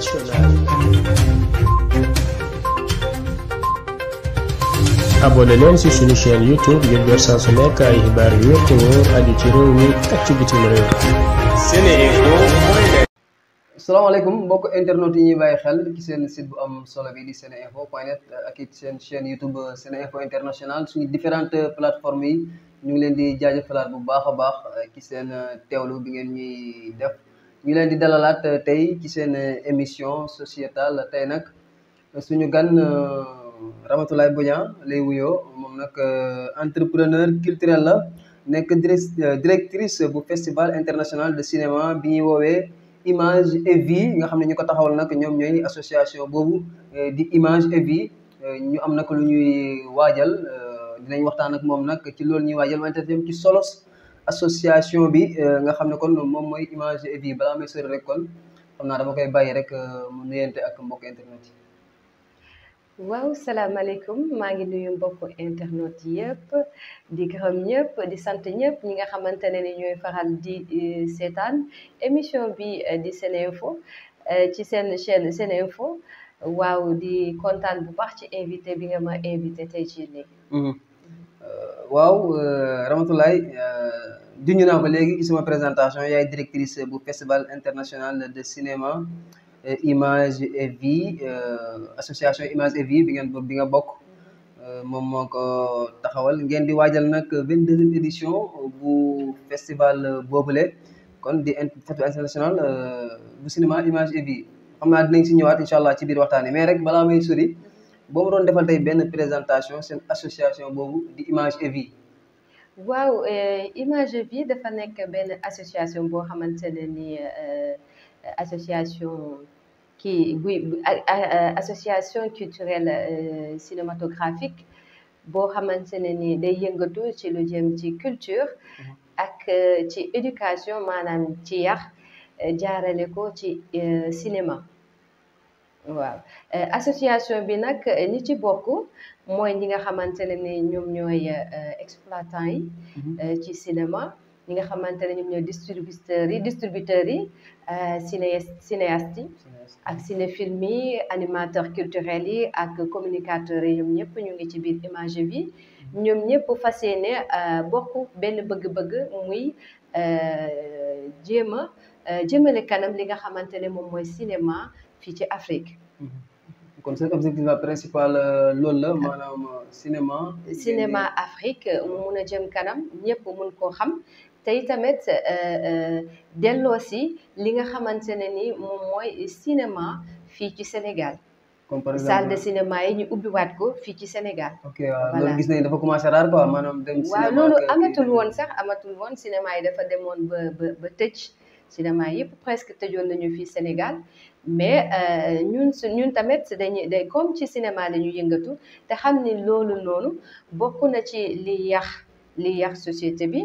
internationale. abonné leen ci suñu chaîne youtube ngir saa su nekk xibaar yu wér te wóor ci réew mi ak ci bitim réew. asalaamaaleykum mbokk internet yi ñuy bàyyi xel seen site am solo bi di seneinfo point net ak it seen chaîne youtube seneinfo international suñu différentes plateformes yi ñu ngi leen di falaat bu baax a baax ki seen teewlu bi ngeen ñuy def. ñu leen di dalalaat euh, tey ci seen euh, émission sociétale tey nag euh, suñu gan Ramatoulaye Bodian lay wuyoo moom nag entrepreneur culturel la nekk directrice bu festival international de cinéma bi ñuy woowee image et nga xam ne ñu ko taxawal nag ñoom ñooy association boobu di image et vie ñu am nag lu ñuy waajal dinañ waxtaan nak moom nag ci loolu ñuy waajal wante tamit ci solos association bi euh, nga xam ne kon moom mooy image et vie balaa may sori rek kon xam naa dama koy bàyyi rek euh, mu nuyente ak mbokk internet yi. waaw salaamaaleykum maa ngi nuyu mbokku internet yëpp di gërëm ñëpp di sant ñëpp ñi nga xamante ne ni ñooy faral di euh, seetaan émission bi di Seneinfo ci seen chaîne Seneinfo waaw di kontaan bu baax ci invité bi nga ma invité tey ci léegi. waaw euh, Ramatoulaye euh, junj naa ko léegi ci sama présentation yaay directrice bu festival international de cinéma image et vie euh, association image et vie bi ngeen bi nga bokk moom moo ko taxawal ngeen di waajal nag vingt deuxième édition bu festival boobule kon di festival international bu cinéma image et vie xam naa dinañ si ñëwaat incha allah ci biir waxtaan yi mais rek balaa may sori boo ma doon defal tey benn présentation seen association boobu di Image et waaw eh, Image et Vie dafa nekk benn association boo xamante ne ni eh, association kii buy association culturelle eh, cinématographique boo xamante ne ni day yëngatu ci lu jëm ci culture. Mm-hmm. ak ci éducation maanaam ci yar jaarale ko ci cinéma. waaw euh, association bi nag euh, ñi ci bokk mooy ñi nga xamante ne ni ñoom ñooy euh, exploitant yi mhm. ci cinéma ñi nga xamante ne ñoom ñooy distributeurs yi distributeurs yi cinéastes yi ak cinéfilm yi animateur culturel yi ak communicateurs yi ñoom ñëpp ñu ngi ci biir image bi mhm. ñoom ñëpp fas yéene bokk benn bëgg-bëgg muy jéem a jëmale kanam li nga xamante ne moom mooy cinéma fii ci Afrique. Mhm. kon seen objectif principal euh, loolu la maanaam euh, cinéma. cinéma Afrique euh, mun a jëm kanam ñëpp mun koo xam tey tamit delloosi li nga xamante ne ni moom mooy cinéma fii ci Sénégal. comme par exemple salle de cinéma yi ñu ubbiwaat ko fii ci Sénégal. ok waaw loolu gis nañu dafa commencé raar amatul woon sax amatul woon cinéma yi dafa demoon ba ba ba tëj. cinéma yëpp presque tëjoon nañu fii Sénégal mais euh, ñun su tamit dañuy day comme ci cinéma la ñu yëngatu te xam ni loolu noonu bokk na ci li yàq li yàq société bi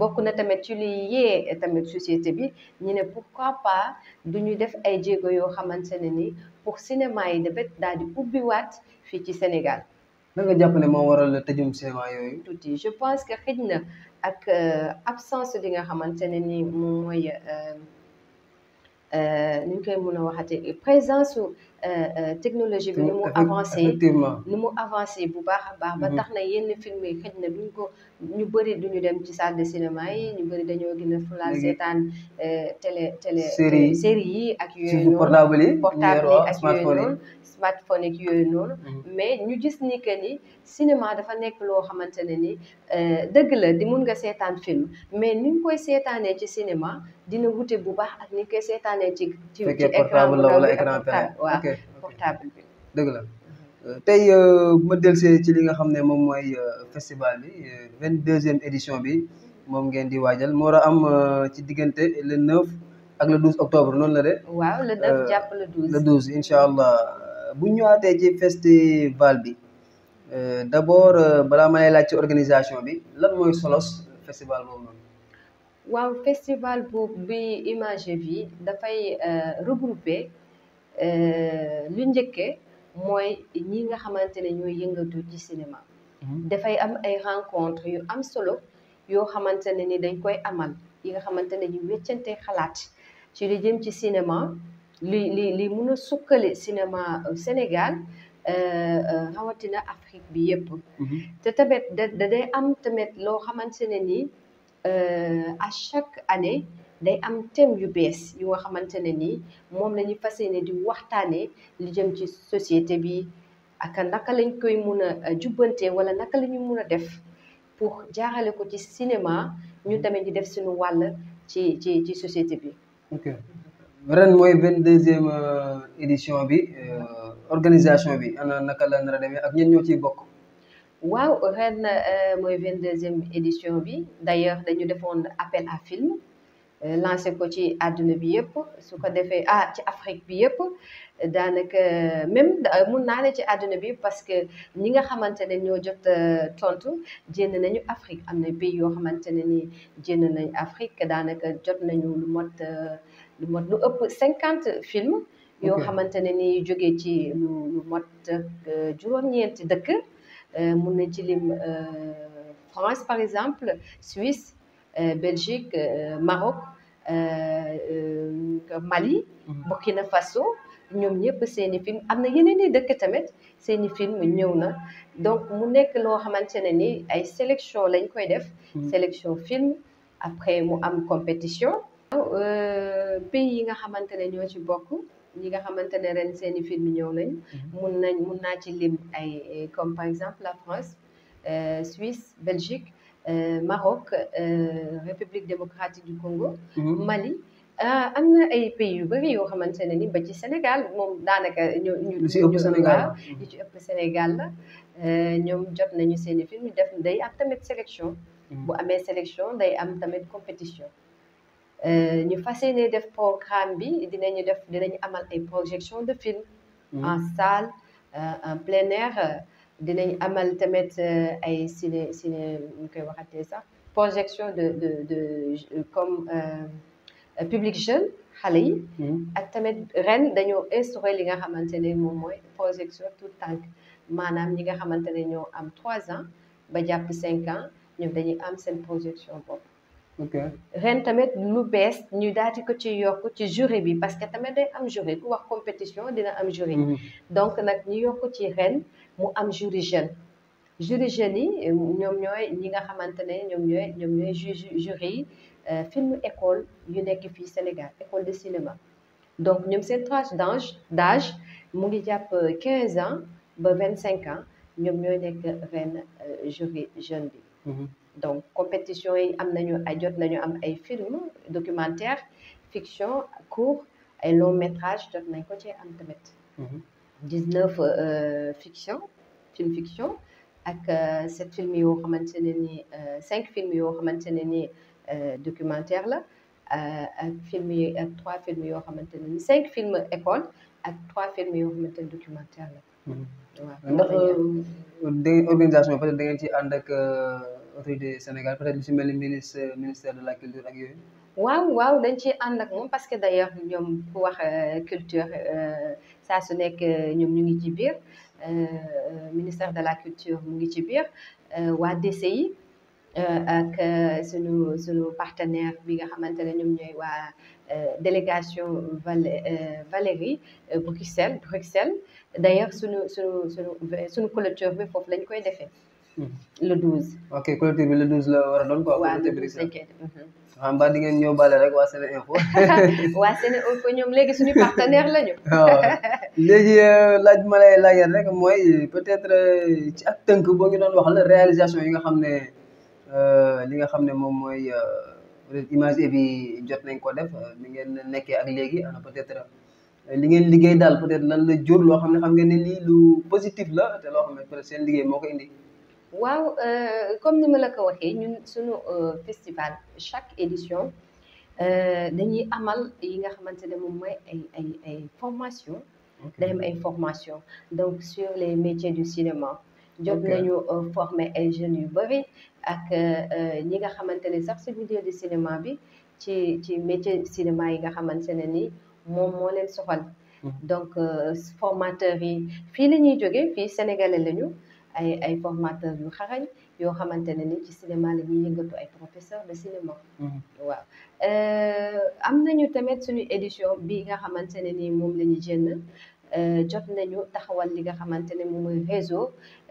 bokk na tamit ci li yee tamit société bi ñu ne pourquoi pas du ñu def ay jéego yoo xamante ne ni pour cinéma yi dafa daal di waat fii ci Sénégal. lan nga jàpp ne moo waral tëjum cinéma yooyu. tuuti je pense que xëj na ak euh, absence li nga xamante ne ni moom mooy euh, euh, nu ñu koy mën a waxatee présence su. Euh, euh, technologie bi nu mu avancé nu mu avancé bu baax a baax ba mhm. tax na yenn film yi xëj na duñ ko ñu bëri duñu dem ci salle de cinéma yi ñu bëri dañoo gën a fulaal seetaan euh, télé télé série yi ak yooyu noonu portable yi ak yooyu noonu smartphone ak yooyu noonu mais ñu gis ni que ni cinéma dafa nekk loo xamante ne ni dëgg la di mun nga seetaan film mais ni nga koy seetaanee ci cinéma dina wute bu baax ak ni nga koy seetaanee ci ci ci écran bu ndaw bi ak waaw portable bi dëgg la euh, tey euh, ma delsee ci li nga xam ne moom mooy euh, festival bi vingt deuxième édition bi moom ngeen di waajal moo a am ci diggante le neuf ak le octobre noonu la de waaw le neuf jàpp le douze le douze incha allah bu ñëwaatee ci festival bi d'abord balaa ma lay laaj ci organisation bi lan mooy solos festival boobu waaw festival boobu bi image bi dafay regrouper Euh, lu njëkkee mooy ñi nga xamante ne ñooy yëngatu ci cinéma mhm. dafay am ay rencontre yu am solo yoo xamante ne ni dañ koy amal yi nga xamante ne ñu weccante xalaat ci lu jëm ci cinéma li lii li mun a sukkali cinéma euh, Sénégal euh, rawatina Afrique bi yëpp mhm. te tamit da day am tamit loo xamante ne ni à chaque année day am thème yu bees yu nga xamante ne nii moom la ñu fas yéene di waxtaanee li jëm ci société bi ak naka lañ koy mun a euh, jubbante wala naka la mun a def pour jaarale ko ci cinéma ñu tamit di def suñu wàll ci ci ci société bi. ren mooy vingt deuxième euh, édition bi euh, organisation bi ana naka la nar a demee ak ñen ñoo ci bokk. waaw ren mooy vingt deuxième édition bi d' ailleurs dañu defoon appel à film. Euh, lancé ko ci àdduna bi yëpp su ko defee ah ci Afrique bi yëpp daanaka même euh, mun naa ne ci àdduna bi parce que ñi nga xamante ne ñoo jot euh, tontu jénn nañu Afrique am na pays yoo xamante ne ni jénn nañu Afrique daanaka jot nañu lu mot lu mot lu ëpp cinquante films yoo xamante ne ni jógee ci lu lu mot juróom-ñeenti dëkk mun na ci lim France par exemple Suisse Belgique Maroc Euh, euh, Mali. Mhm. Burkina Faso ñoom ñëpp seen i film am na yeneen i dëkk tamit seeni i film ñëw na donc mu nekk loo xamante ne ni ay sélection lañ koy def. Mhm. sélection film après mu am compétition. Euh, pays yi nga xamante ne ñoo ci bokk. ñi nga xamante ne ren seen i film ñëw nañu. Mhm. mun nañ mun naa ci lim ay comme par exemple la France Suisse Belgique. Euh, Maroc euh, République démocratique du Congo. Mhm. Mali. Euh, am na ay pays yu bëri yoo xamante ne ni ba ci Sénégal moom daanaka ñu ñu. lu Sénégal ci ëpp Sénégal la. ñoom jot nañu seen i film def day am tamit sélection. Mhm. bu amee sélection day am tamit compétition. ñu fas yéene def programme bi ñu def dinañu amal ay projection de film. Mhm. en salle en plein air. dinañ amal tamit euh, ay ciné ciné ñu koy waxatee sax projection de de de euh, comme euh, public jeune xale yi hmm. ak tamit ren dañoo instauré li nga xamante ne moom mooy projection tout tànk maanaam ñi nga xamante ne ñoo am trois ans ba jàpp cinq ans ñoom dañuy am seen projection bopp ren tamit lu bees ñu daati ko ci yokk ci jury bi parce que tamit day am jury ku wax compétition dina am jury mhm. donc nag ñu yokk ci ren mu am jury jeune jury jeune yi euh, ñoom ñooy ñi nga xamante ne ñoom ñooy ñoom ñooy jury yi euh, film école yu nekk fii Sénégal école de cinéma donc ñoom seen tranche d'âge d'âge mu ngi jàpp euh, quinze ans ba vingt cinq ans ñoom ñooy nekk ren jury jeune bi mhm. donc compétition yi am nañu ay jot nañu am ay film documentaire fiction court ay long métrage jot nañ ko ci am tamit mhm. dix-neuf euh, fiction film fiction ak euh, sept film yoo xamante ne ni cinq film yoo xamante ne ni documentaire la ak film mhm. euh, yi ak trois yoo xamante ne ni cinq film école ak trois film yoo xamante documentaire la ndax organisation peut-être da ci ànd autorité Sénégal peut-être lu si mel ni ministre ministère de la culture ak yooyu. waaw waaw dañ ci ànd ak moom parce que d'ailleurs ñoom ku wax euh, culture euh, saa su nekk euh, ñoom ñu ngi ci biir ministère de la culture mu ngi ci biir waa DCI ak sunu sunu partenaire bi nga xamante ne ñoom ñooy waa délégation Val Valérie Bruxelles Bruxelles d'ailleurs sunu sunu sunu sunu clôture bi foofu lañ koy defee. Hmm. le douze. ok clôture bi le douze la war a doon quoi. waaw xam nga di ngeen ñëw bale rek waa Sene Info. waa léegi suñu partenaire lañu. léegi euh, laaj ma lay laajal rek mooy peut-être euh, ci ak tënk boo ngi doon wax la réalisation yi nga xam ne euh, li nga xam ne moom mooy image bi jot nañ ko def li ngeen nekkee ak léegi peut-être. li ngeen liggéey daal peut-être nan la jur loo xam ne xam ngeen ne lii lu positif la te loo xam ne peut seen liggéey moo ko indi. waaw euh, comme ni ma la ko waxee ñun suñu euh, festival chaque édition euh, dañuy amal yi nga xamante ne moom mooy ay ay ay formation day ay formation donc sur les métiers du cinéma jot nañu former ay jeunes yu bëri ak ñi nga xamante ne sax si milieu du cinéma bi ci ci métier cinéma yi nga xamante ne ni moom moo leen soxal mhm. donc formateurs yi fii la ñuy jógee fii sénégalais lañu ay ay formateurs yu xarañ yoo xamante ne ni ci cinéma la ñuy yëngatu ay professeurs de cinéma. Mm-hmm. waaw euh, am nañu tamit suñu édition bi nga xamante ne ni moom la ñu jënd euh, jot nañu taxawal li nga xamante ne moom mooy réseau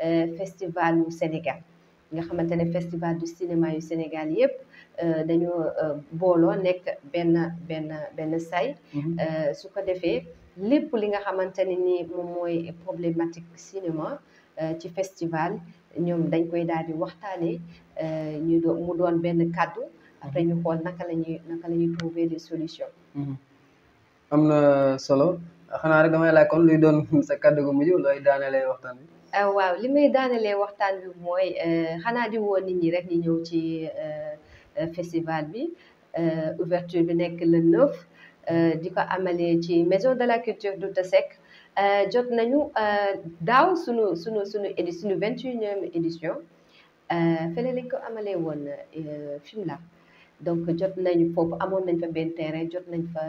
euh, festival yu Sénégal. nga xamante ne festival du cinéma yu Sénégal yëpp dañoo booloo nekk benn benn benn say mm-hmm. su ko defee lépp li nga xamante ne ni moom mooy problématique cinéma Euh, ci festival ñoom dañ koy daal waxtaanee euh, ñu mu doon benn kàddu après ñu xool naka la ñuy naka trouver des solutions. Mhm. am na solo xanaa rek damay laaj kon luy doon sa kàddu gu mujj looy daanelee waxtaan bi. Euh, waaw li may daanelee waxtaan bi mooy xanaa di woo nit ñi rek ñu ñëw ci festival bi ouverture bi nekk le 9 di ko amalee ci maison de la culture Douta Seck. Euh, jot nañu euh, daaw sunu suñu sunu édi sunu vingt et unième édition euh, fële ko amale woon Fimela donc jot nañu foofu amoon nañ fa benn terrain jot nañ fa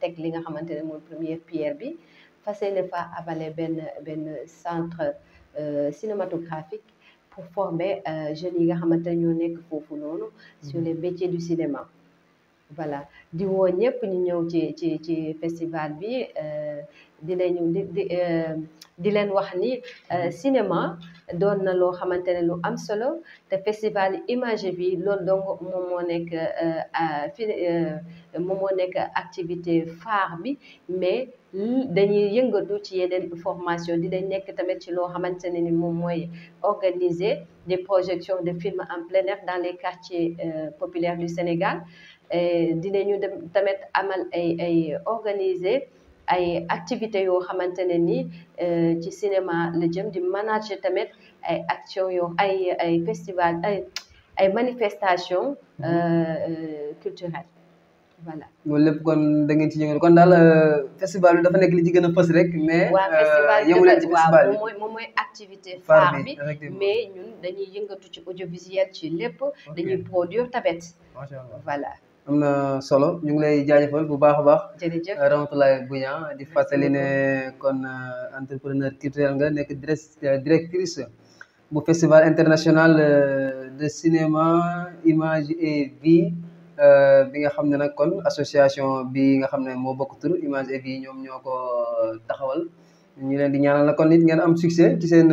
teg li nga xamante ne mooy première pierre bi fas yéene fa avaler benn benn centre cinématographique pour former jeunes yi nga xamante ne ñoo nekk foofu noonu sur les métiers du cinéma voilà di woo ñëpp ñu ñëw ci ci ci festival bi di lañu di di eh, di leen wax ni eh, cinéma doon na loo xamante ne lu am solo te festival image bi loolu donc moom moo nekk eh, fi moom moo nekk activité phare bi mais dañuy yëngatu ci yeneen formation di dañ nekk tamit ci loo xamante ne ni moom mooy organiser des projections de films en plein air dans les quartiers populaires du Sénégal dinañu dem tamit amal ay ay organiser ay activité yoo xamante ne ni euh, ci cinéma la jëm di manager tamit ay action yoo ay ay festival ay ay manifestation mhm. euh, culturelle voilà loolu lépp kon da ngeen ci yëngal kon daal euh, festival bi dafa nekk li ci gën a fës rek mais yëngu leen ci festival bi waaw moom mooy activité phare bi mais ñun dañuy yëngatu ci audiovisuel ci lépp dañuy produire tamit voilà am na solo ñu ngi lay jaajëfal bu baax a baax. jërëjëf Ramatoulaye Bouyan ah, di fàttali ne kon ah, entrepreneur culturel nga nekk directrice bu festival international euh, de cinéma image et vie euh, bi nga xam ne nag kon association bi nga xam ne moo bokk tur image et vie ñoom ñoo ko euh, taxawal ñu leen di ñaanal na kon nit ngeen am succès ci seen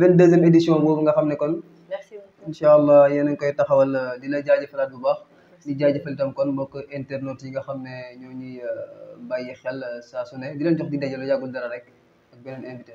vingt deuxième édition boobu nga xam ne kon. merci beaucoup allah yéen a koy taxawal di la jaajëfalaat bu baax. di jaajëfal itam kon mbokk internet yi nga xam ne ñoo ñuy euh, bàyyi xel euh, saa ne di leen jox di dajale yàggul dara rek ak beneen invité.